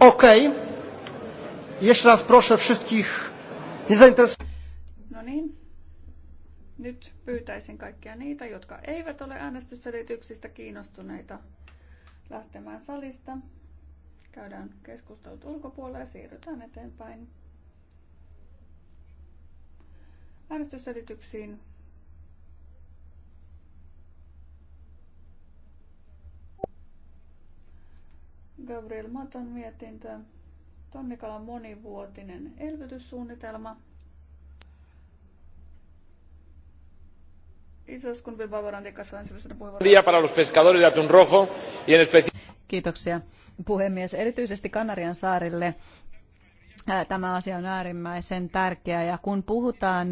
Ok. Jeszcze raz proszę wszystkich niezainteresowanych. No niin. Nyt pyytäisin kaikkia niitä, jotka eivät ole äänestysselityksistä kiinnostuneita lähtemään salista. Käydään keskustelut ulkopuolella ja siirrytään eteenpäin äänestysselityksiin. Gabriel Maton mietintö. Tonnikalan monivuotinen elvytyssuunnitelma. Kiitoksia puhemies. Erityisesti Kanarian saarille tämä asia on äärimmäisen tärkeä ja kun puhutaan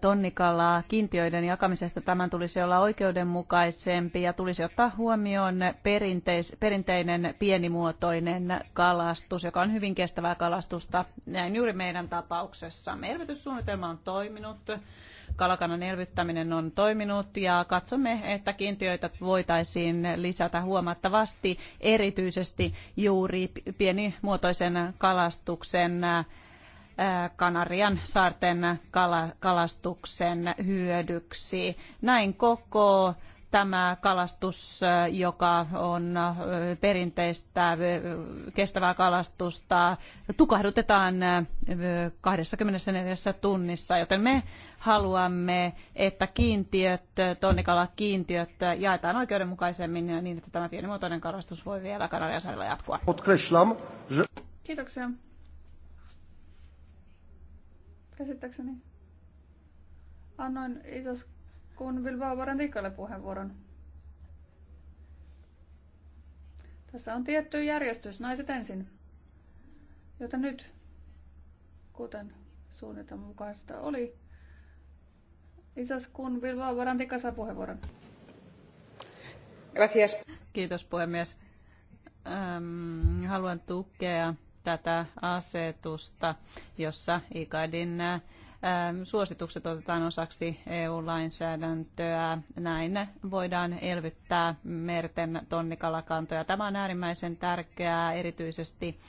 tonnikalaa kiintiöiden jakamisesta. Tämän tulisi olla oikeudenmukaisempi ja tulisi ottaa huomioon perinteis, perinteinen pienimuotoinen kalastus, joka on hyvin kestävää kalastusta. Näin juuri meidän tapauksessamme. Elvytyssuunnitelma on toiminut, kalakannan elvyttäminen on toiminut ja katsomme, että kiintiöitä voitaisiin lisätä huomattavasti erityisesti juuri pienimuotoisen kalastuksen Kanarian saarten kalastuksen hyödyksi. Näin koko tämä kalastus, joka on perinteistä kestävää kalastusta, tukahdutetaan 24 tunnissa, joten me haluamme, että kiintiöt, tonnikalakiintiöt jaetaan oikeudenmukaisemmin niin, että tämä pienimuotoinen kalastus voi vielä Kanarian saarella jatkua. Kiitoksia käsittääkseni. Annoin isos kun Bilbao varantikalle puheenvuoron. Tässä on tietty järjestys, naiset ensin. Jota nyt, kuten suunnitelman mukaista oli, isos kun Bilbao Barantika saa puheenvuoron. Gracias. Kiitos puhemies. Ähm, haluan tukea tätä asetusta, jossa ICADin ähm, suositukset otetaan osaksi EU-lainsäädäntöä. Näin voidaan elvyttää merten tonnikalakantoja. Tämä on äärimmäisen tärkeää erityisesti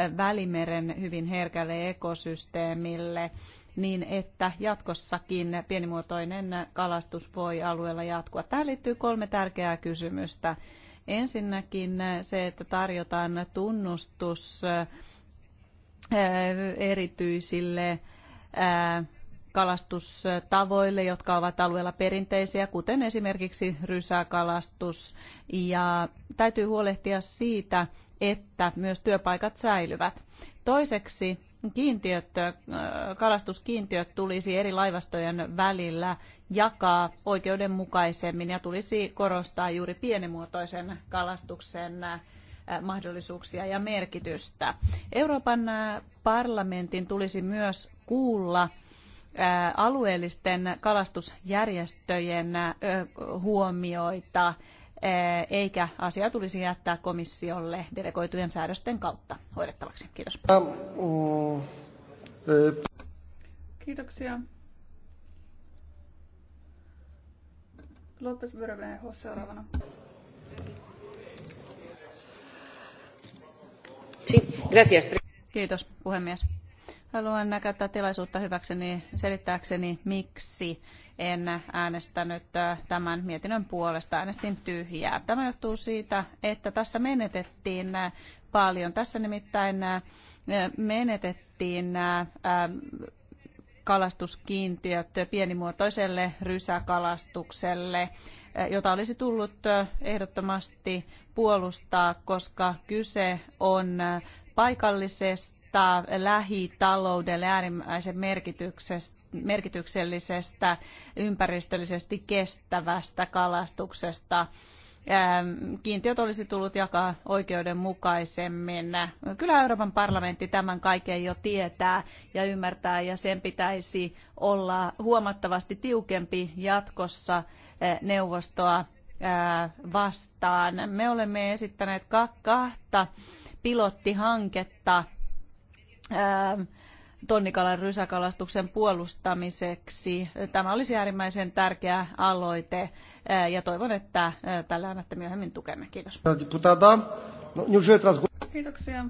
äh, Välimeren hyvin herkälle ekosysteemille niin että jatkossakin pienimuotoinen kalastus voi alueella jatkua. Tähän liittyy kolme tärkeää kysymystä. Ensinnäkin eh, se, että tarjotaan tunnustus eh, erityisille eh, kalastustavoille, jotka ovat alueella perinteisiä, kuten esimerkiksi rysäkalastus. Ja täytyy huolehtia siitä, että myös työpaikat säilyvät. Toiseksi kiintiöt, kalastuskiintiöt tulisi eri laivastojen välillä jakaa oikeudenmukaisemmin ja tulisi korostaa juuri pienimuotoisen kalastuksen mahdollisuuksia ja merkitystä. Euroopan parlamentin tulisi myös kuulla alueellisten kalastusjärjestöjen huomioita Eh, eikä asia tulisi jättää komissiolle delegoitujen säädösten kautta hoidettavaksi. Kiitos. Ähm, mm, äh. Kiitoksia. Lopes Börvenho seuraavana. Kiitos puhemies. Haluan käyttää tilaisuutta hyväkseni selittääkseni, miksi en äänestänyt äh, tämän mietinnön puolesta. Äänestin tyhjää. Tämä johtuu siitä, että tässä menetettiin äh, paljon. Tässä nimittäin äh, menetettiin kalastuskiintiöt pienimuotoiselle rysäkalastukselle, jota olisi tullut ehdottomasti puolustaa, koska kyse on paikallisesti puhutaan lähitaloudelle äärimmäisen merkityksellisestä, ympäristöllisesti kestävästä kalastuksesta. Ähm, kiintiöt olisi tullut jakaa oikeudenmukaisemmin. Kyllä Euroopan parlamentti tämän kaiken jo tietää ja ymmärtää, ja sen pitäisi olla huomattavasti tiukempi jatkossa äh, neuvostoa äh, vastaan. Me olemme esittäneet kahta pilottihanketta Ähm, tonnikalan rysäkalastuksen puolustamiseksi. Tämä olisi äärimmäisen tärkeä aloite äh, ja toivon, että äh, tällä annatte myöhemmin tukenne. Kiitos. No, Kiitoksia.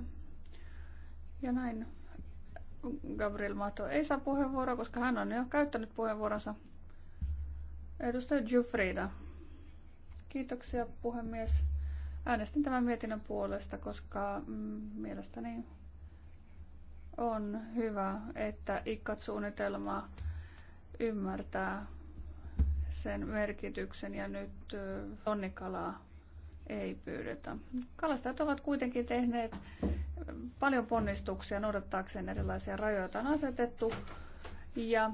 Ja näin. Gabriel Mato ei saa puheenvuoroa, koska hän on jo käyttänyt puheenvuoronsa. Edustaja Jufrida. Kiitoksia puhemies. Äänestin tämän mietinnön puolesta, koska mm, mielestäni on hyvä, että ICCAT-suunnitelma ymmärtää sen merkityksen ja nyt tonnikalaa ei pyydetä. Kalastajat ovat kuitenkin tehneet paljon ponnistuksia noudattaakseen erilaisia rajoja, on asetettu ja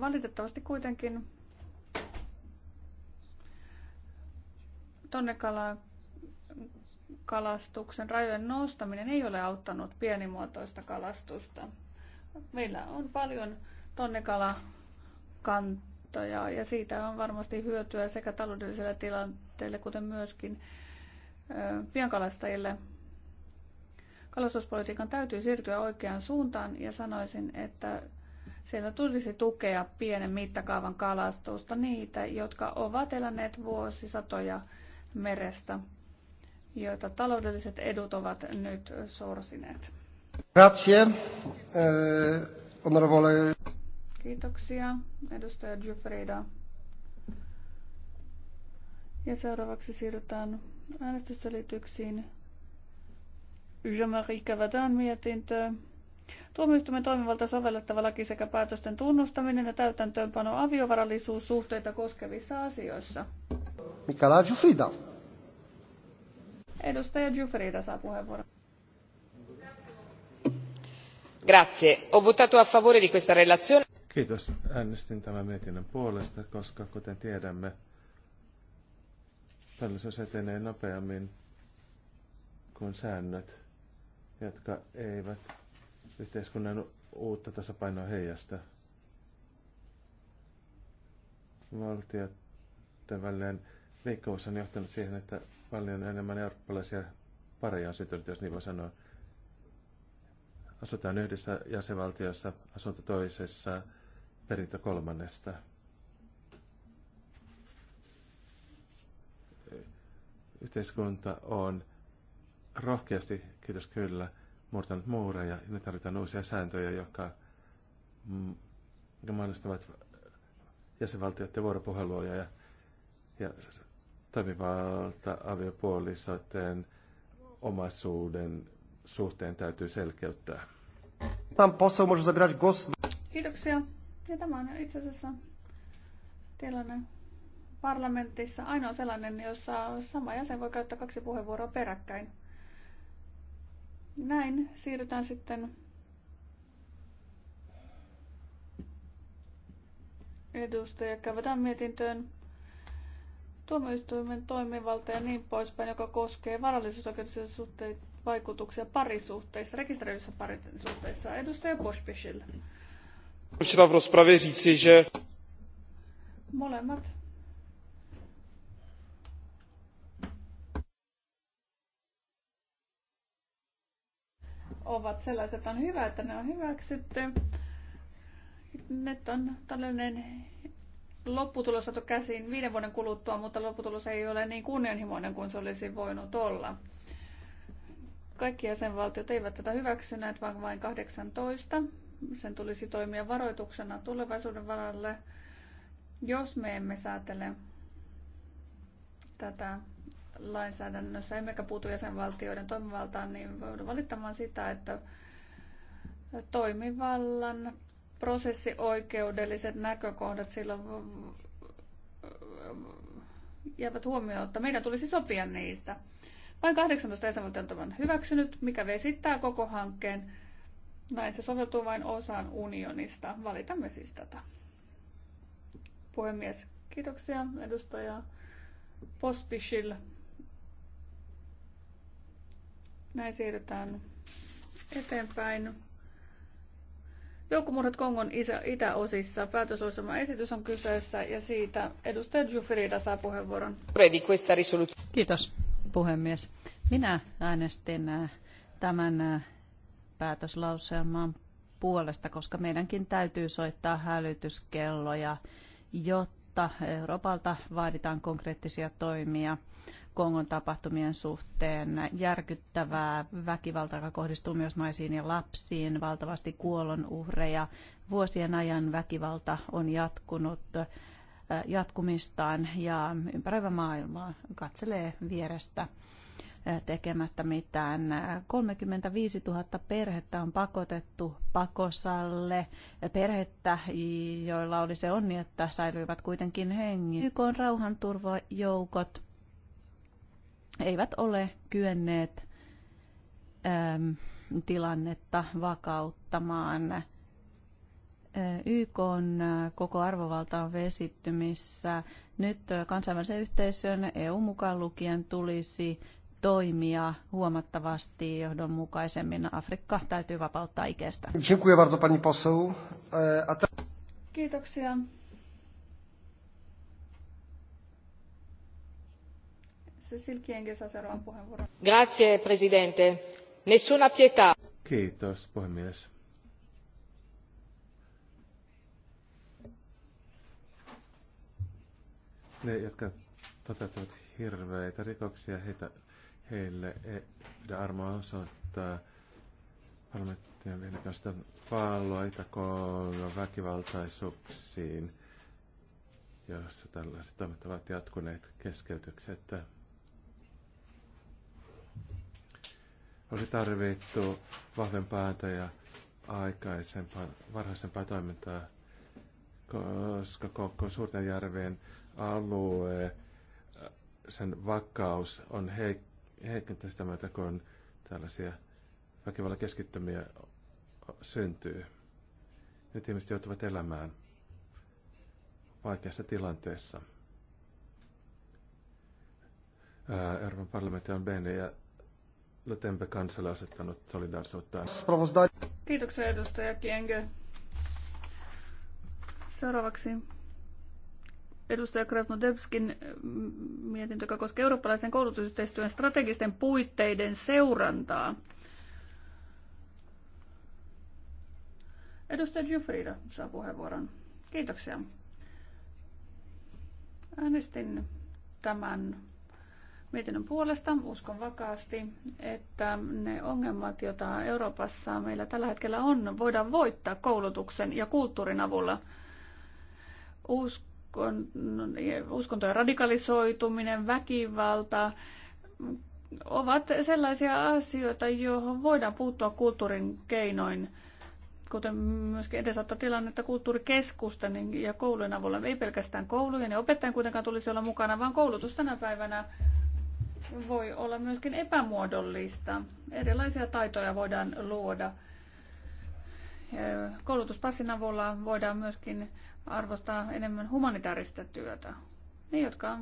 valitettavasti kuitenkin tonnekalan kalastuksen rajojen nostaminen ei ole auttanut pienimuotoista kalastusta. Meillä on paljon tonnekalakantoja ja siitä on varmasti hyötyä sekä taloudelliselle tilanteelle, kuten myöskin pienkalastajille. Kalastuspolitiikan täytyy siirtyä oikeaan suuntaan ja sanoisin, että siellä tulisi tukea pienen mittakaavan kalastusta niitä, jotka ovat eläneet vuosisatoja merestä joita taloudelliset edut ovat nyt sorsineet. Grazie, eh, onorevole. Kiitoksia, edustaja Giuffrida. Ja seuraavaksi siirrytään äänestysselityksiin. Jean-Marie Cavadan mietintö. Tuomioistuimen toimivalta sovellettava laki sekä päätösten tunnustaminen ja täytäntöönpano aviovarallisuussuhteita koskevissa asioissa. Mikaela Giuffrida. Edustaja Giuffrida saa puheenvuoron. Grazie. Ho votato a favore di questa relazione. Kiitos. Äänestin tämän mietinnön puolesta, koska kuten tiedämme, tällaisuus etenee nopeammin kuin säännöt, jotka eivät yhteiskunnan uutta tasapainoa heijasta. Valtioiden välinen liikkuvuus on johtanut siihen, että paljon enemmän eurooppalaisia pareja on syntynyt, jos niin voi sanoa. Asutaan yhdessä jäsenvaltiossa, asunto toisessa, perintö kolmannesta. Yhteiskunta on rohkeasti, kiitos kyllä, murtanut muureja ja nyt tarvitaan uusia sääntöjä, jotka mahdollistavat jäsenvaltioiden vuoropuhelua ja, ja toimivalta aviopuolisoiden omaisuuden suhteen täytyy selkeyttää. Kiitoksia. Ja tämä on itse asiassa tällainen parlamentissa ainoa sellainen, jossa sama jäsen voi käyttää kaksi puheenvuoroa peräkkäin. Näin siirrytään sitten edustaja Kävätään mietintöön tuomioistuimen toimivalta ja niin poispäin, joka koskee varallisuusoikeudellisia suhteita vaikutuksia parisuhteissa, rekisteröidyissä parisuhteissa. Edustaja Boschbischil. Chtěla v rozpravě říci, že... Molemmat. ovat sellaiset, on hyvä, että ne on hyväksytty. Nyt on tällainen lopputulos saatu käsiin viiden vuoden kuluttua, mutta lopputulos ei ole niin kunnianhimoinen kuin se olisi voinut olla. Kaikki jäsenvaltiot eivät tätä hyväksyneet, vaan vain 18. Sen tulisi toimia varoituksena tulevaisuuden varalle, jos me emme säätele tätä lainsäädännössä, emmekä puutu jäsenvaltioiden toimivaltaan, niin voidaan valittamaan sitä, että toimivallan prosessioikeudelliset näkökohdat silloin jäävät huomioon, että Meidän tulisi sopia niistä. Vain 18 jäsenvaltiota on hyväksynyt, mikä vesittää koko hankkeen. Näin se soveltuu vain osaan unionista. Valitamme siis tätä. Puhemies, kiitoksia edustaja Pospisil. Näin siirrytään eteenpäin. Joukkomurhat Kongon itäosissa. Päätöslauselman esitys on kyseessä ja siitä edustaja Jufrida saa puheenvuoron. Kiitos puhemies. Minä äänestin äh, tämän äh, päätöslauselman puolesta, koska meidänkin täytyy soittaa hälytyskelloja, jotta Euroopalta vaaditaan konkreettisia toimia Kongon tapahtumien suhteen. Järkyttävää väkivaltaa, joka kohdistuu myös naisiin ja lapsiin, valtavasti kuolonuhreja. Vuosien ajan väkivalta on jatkunut jatkumistaan ja ympäröivä maailma katselee vierestä tekemättä mitään. 35 000 perhettä on pakotettu pakosalle. Perhettä, joilla oli se onni, että säilyivät kuitenkin hengi. YK on rauhanturvajoukot eivät ole kyenneet ähm, tilannetta vakauttamaan. Äh, YK on äh, koko arvovalta on vesittymissä. Nyt äh, kansainvälisen yhteisön EU mukaan lukien tulisi toimia huomattavasti johdonmukaisemmin. Afrikka täytyy vapauttaa ikestä. E, Kiitoksia. Cecil Grazie, presidente. Nessuna pietà. Kiitos, puhemies. Ne, jotka toteuttavat hirveitä rikoksia, heitä, heille ei pidä armoa osoittaa parlamenttien vilkasta palloita väkivaltaisuuksiin, jossa tällaiset toimet ovat jatkuneet keskeytyksettä. olisi tarvittu vahvempaa ääntä ja aikaisempaa, varhaisempaa toimintaa, koska koko suurten järvien alue, sen vakaus on heik heikentänyt sitä myötä, kun tällaisia väkivallan keskittymiä syntyy. Nyt ihmiset joutuvat elämään vaikeassa tilanteessa. Euroopan parlamentti on BN ja Lötempe kansalle asettanut Kiitoksia edustaja Kienge. Seuraavaksi edustaja Krasnodebskin mm, mietintö, joka koskee eurooppalaisen koulutusyhteistyön strategisten puitteiden seurantaa. Edustaja Jufrida saa puheenvuoron. Kiitoksia. Äänestin tämän mietinnön puolesta. Uskon vakaasti, että ne ongelmat, joita Euroopassa meillä tällä hetkellä on, voidaan voittaa koulutuksen ja kulttuurin avulla. Uskon, uskontojen radikalisoituminen, väkivalta ovat sellaisia asioita, joihin voidaan puuttua kulttuurin keinoin kuten myöskin edesauttaa tilannetta kulttuurikeskusten ja koulujen avulla. Ei pelkästään koulujen ja opettajan kuitenkaan tulisi olla mukana, vaan koulutus tänä päivänä voi olla myöskin epämuodollista. Erilaisia taitoja voidaan luoda. Koulutuspassin avulla voidaan myöskin arvostaa enemmän humanitaarista työtä. Ne, jotka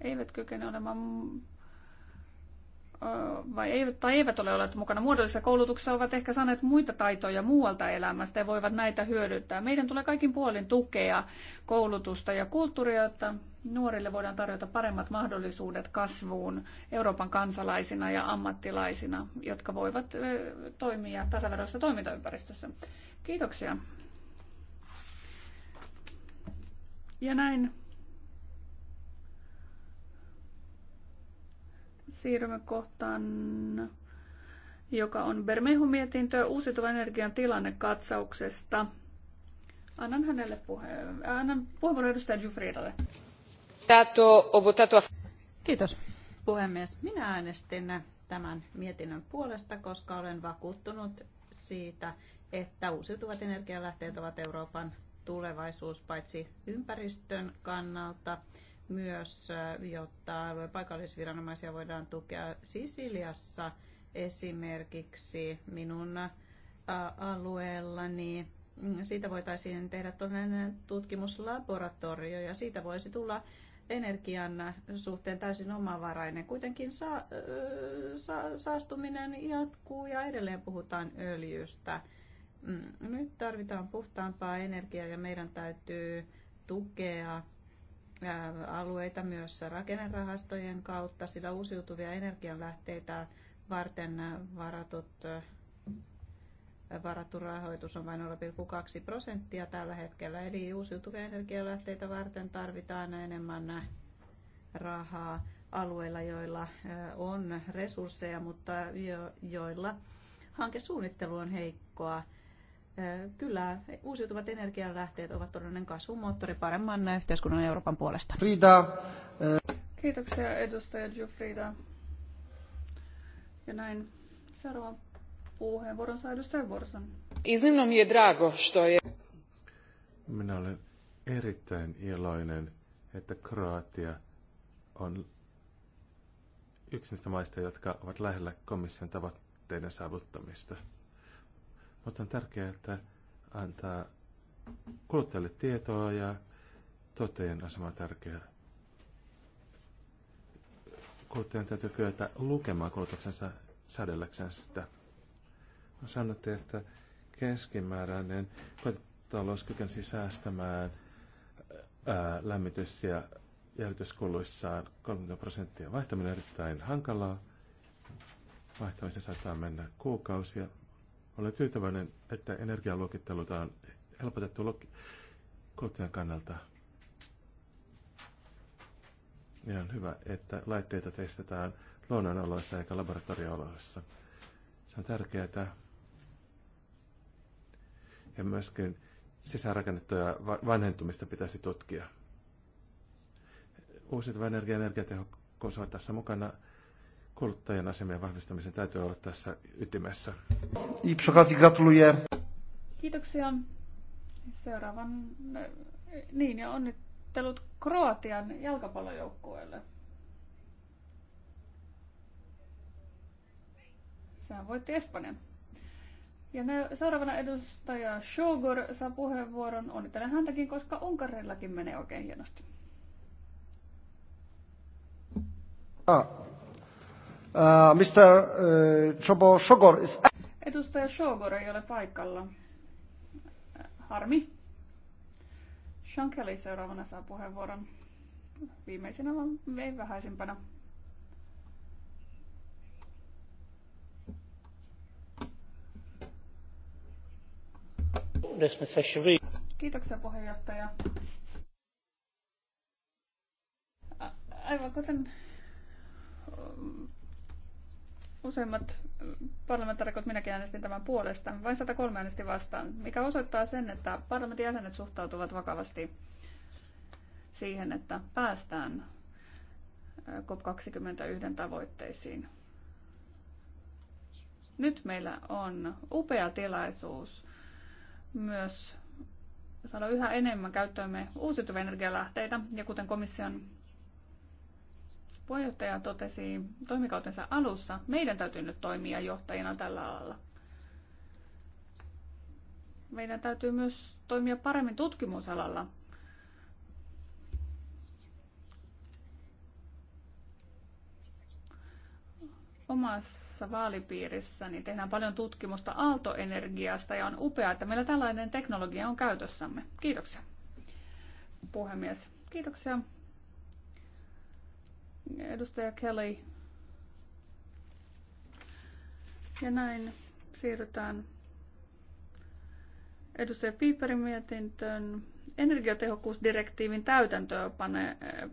eivät kykene olemaan vai eivät, tai eivät ole olleet mukana muodollisessa koulutuksessa, ovat ehkä saaneet muita taitoja muualta elämästä ja voivat näitä hyödyntää. Meidän tulee kaikin puolin tukea koulutusta ja kulttuuria, jotta nuorille voidaan tarjota paremmat mahdollisuudet kasvuun Euroopan kansalaisina ja ammattilaisina, jotka voivat toimia tasaveroisessa toimintaympäristössä. Kiitoksia. Ja näin Siirrymme kohtaan, joka on Bermehun mietintö uusiutuvan energian tilannekatsauksesta. Annan hänelle puheen. Annan puheenvuoron edustaja Jufriidalle. Kiitos puhemies. Minä äänestin tämän mietinnön puolesta, koska olen vakuuttunut siitä, että uusiutuvat energialähteet ovat Euroopan tulevaisuus paitsi ympäristön kannalta myös, jotta paikallisviranomaisia voidaan tukea Sisiliassa esimerkiksi minun alueellani. Mm, siitä voitaisiin tehdä tuollainen tutkimuslaboratorio ja siitä voisi tulla energian suhteen täysin omavarainen. Kuitenkin sa, sa, saastuminen jatkuu ja edelleen puhutaan öljystä. Mm, nyt tarvitaan puhtaampaa energiaa ja meidän täytyy tukea alueita myös rakennerahastojen kautta, sillä uusiutuvia energianlähteitä varten varatut, varattu rahoitus on vain 0,2 prosenttia tällä hetkellä. Eli uusiutuvia energialähteitä varten tarvitaan enemmän rahaa alueilla, joilla on resursseja, mutta jo, joilla hankesuunnittelu on heikkoa Kyllä, uusiutuvat energianlähteet ovat todellinen kasvumoottori paremman yhteiskunnan Euroopan puolesta. Frida. Kiitoksia edustaja Jufrida. Ja näin seuraava puheenvuoron saa edustaja Vorsan. Iznimno mi je drago, što je... Minä olen erittäin iloinen, että Kroatia on yksi niistä maista, jotka ovat lähellä komission tavoitteiden saavuttamista. Mutta on tärkeää, että antaa kuluttajalle tietoa ja tuottajien asema on tärkeää. Kuluttajan täytyy kyetä lukemaan kulutuksensa säädelläkseen sitä. Sanotte, että keskimääräinen kotitalous kykensi säästämään ää, lämmitys- ja jäljityskuluissaan 30 prosenttia. Vaihtaminen on erittäin hankalaa. Vaihtamista saattaa mennä kuukausia, olen tyytyväinen, että energialuokitteluta on helpotettu kuluttajan kannalta. Ja on hyvä, että laitteita testataan luonnonoloissa eikä laboratoriooloissa. Se on tärkeää. Ja myöskin sisäänrakennettuja vanhentumista pitäisi tutkia. Uusiutuva energia ja energiatehokkuus ovat tässä mukana kuluttajan asemien vahvistamisen täytyy olla tässä ytimessä. Kiitoksia. Seuraavan, niin ja onnittelut Kroatian jalkapallojoukkueelle. Sehän voitti Espanjan. Ja ne, seuraavana edustaja Shogor saa puheenvuoron. Onnittelen häntäkin, koska Unkarillakin menee oikein hienosti. Ah, Uh, Mr. Uh, Chobo Shogor is... Edustaja Shogor ei ole paikalla. Harmi. Sean Kelly seuraavana saa puheenvuoron. Viimeisenä vaan vein vähäisimpänä. Kiitoksia puheenjohtaja. Aivan kuten Useimmat äh, parlamentaarikot minäkin äänestin tämän puolesta, vain 103 äänesti vastaan, mikä osoittaa sen, että parlamentin jäsenet suhtautuvat vakavasti siihen, että päästään äh, COP21 tavoitteisiin. Nyt meillä on upea tilaisuus myös saada yhä enemmän käyttöömme uusiutuvia energialähteitä ja kuten komission puheenjohtaja totesi toimikautensa alussa, meidän täytyy nyt toimia johtajina tällä alalla. Meidän täytyy myös toimia paremmin tutkimusalalla. Omassa vaalipiirissäni tehdään paljon tutkimusta aaltoenergiasta ja on upeaa, että meillä tällainen teknologia on käytössämme. Kiitoksia, puhemies. Kiitoksia edustaja Kelly. Ja näin siirrytään edustaja Piiperin mietintöön. Energiatehokkuusdirektiivin äh,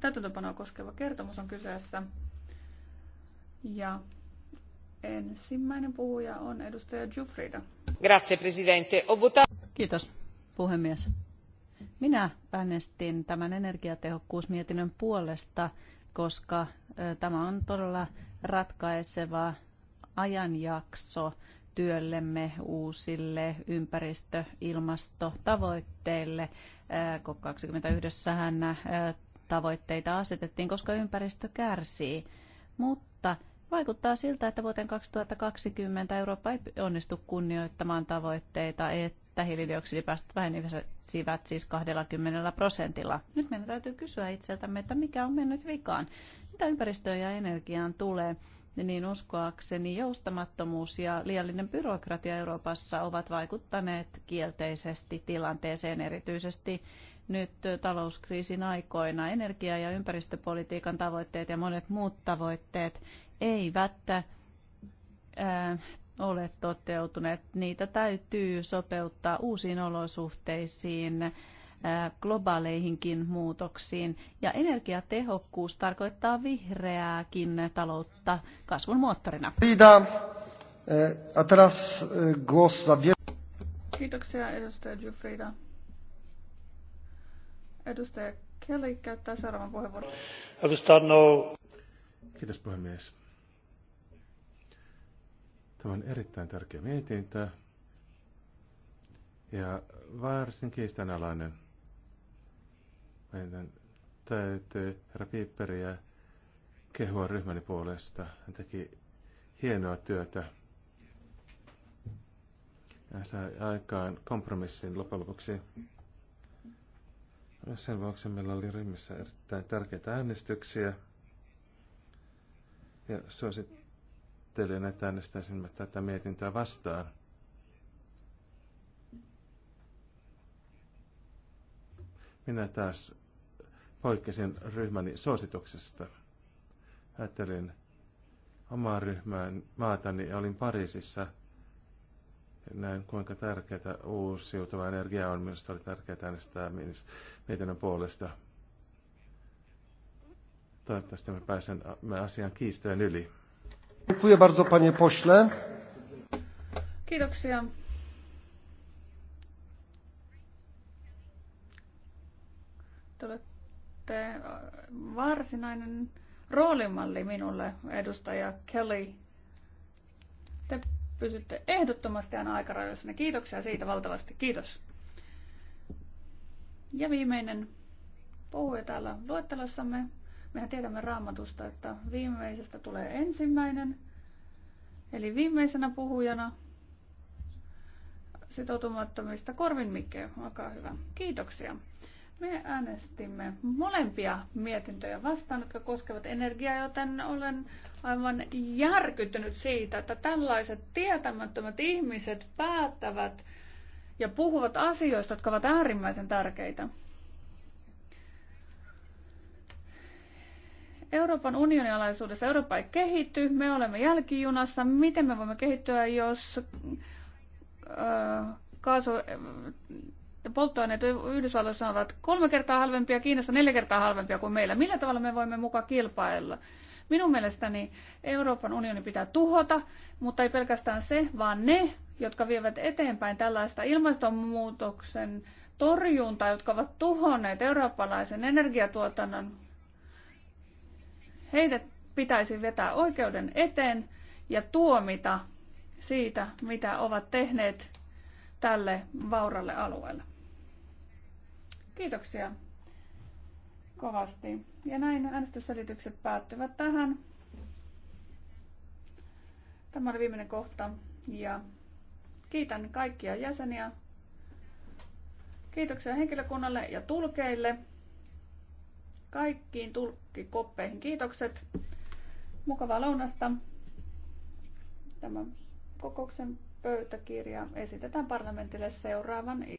täytäntöönpanoa koskeva kertomus on kyseessä. Ja ensimmäinen puhuja on edustaja Jufrida. Grazie, presidente. Kiitos, puhemies. Minä äänestin tämän energiatehokkuusmietinnön puolesta, koska Tämä on todella ratkaiseva ajanjakso työllemme uusille ympäristö- ilmastotavoitteille. COP21 tavoitteita asetettiin, koska ympäristö kärsii. Mutta vaikuttaa siltä, että vuoteen 2020 Eurooppa ei onnistu kunnioittamaan tavoitteita, että hiilidioksidipäästöt vähenisivät siis 20 prosentilla. Nyt meidän täytyy kysyä itseltämme, että mikä on mennyt vikaan. Mitä ympäristöön ja energiaan tulee, niin uskoakseni joustamattomuus ja liiallinen byrokratia Euroopassa ovat vaikuttaneet kielteisesti tilanteeseen erityisesti nyt talouskriisin aikoina. Energia- ja ympäristöpolitiikan tavoitteet ja monet muut tavoitteet eivät ää, äh, ole toteutuneet. Niitä täytyy sopeuttaa uusiin olosuhteisiin globaaleihinkin muutoksiin. Ja energiatehokkuus tarkoittaa vihreääkin taloutta kasvun moottorina. Kiitoksia edustaja Jufrida. Edustaja Kelly käyttää seuraavan puheenvuoron. Kiitos puhemies. Tämä on erittäin tärkeä mietintä ja varsin kiistanalainen meidän täytyy herra Piipperiä kehua ryhmäni puolesta. Hän teki hienoa työtä. Ja sai aikaan kompromissin loppujen lopuksi. Sen vuoksi meillä oli ryhmissä erittäin tärkeitä äänestyksiä. Ja suosittelen, että äänestäisimme tätä mietintää vastaan. Minä taas poikkesin ryhmäni suosituksesta. Ajattelin omaa ryhmään maatani ja olin Pariisissa. Näin kuinka tärkeää uusiutuva energia on. Minusta oli tärkeää äänestää mietinnön puolesta. Toivottavasti me pääsemme asian kiistojen yli. Kiitoksia, Kiitoksia Te olette äh, varsinainen roolimalli minulle, edustaja Kelly. Te pysytte ehdottomasti aina aikarajoissa. Kiitoksia siitä valtavasti. Kiitos. Ja viimeinen puhuja täällä luettelossamme. Mehän tiedämme raamatusta, että viimeisestä tulee ensimmäinen. Eli viimeisenä puhujana sitoutumattomista Korvin Mikke, olkaa hyvä. Kiitoksia. Me äänestimme molempia mietintöjä vastaan, jotka koskevat energiaa, joten olen aivan järkyttynyt siitä, että tällaiset tietämättömät ihmiset päättävät ja puhuvat asioista, jotka ovat äärimmäisen tärkeitä. Euroopan unionin alaisuudessa Eurooppa ei kehitty, me olemme jälkijunassa. Miten me voimme kehittyä, jos äh, kaasu polttoaineet Yhdysvalloissa ovat kolme kertaa halvempia, Kiinassa neljä kertaa halvempia kuin meillä. Millä tavalla me voimme mukaan kilpailla? Minun mielestäni Euroopan unioni pitää tuhota, mutta ei pelkästään se, vaan ne, jotka vievät eteenpäin tällaista ilmastonmuutoksen torjuntaa, jotka ovat tuhonneet eurooppalaisen energiatuotannon. Heidät pitäisi vetää oikeuden eteen ja tuomita siitä, mitä ovat tehneet tälle vauralle alueelle. Kiitoksia kovasti. Ja näin äänestysselitykset päättyvät tähän. Tämä oli viimeinen kohta ja kiitän kaikkia jäseniä. Kiitoksia henkilökunnalle ja tulkeille. Kaikkiin tulkkikoppeihin kiitokset. Mukavaa lounasta. Tämä kokouksen pöytäkirja esitetään parlamentille seuraavan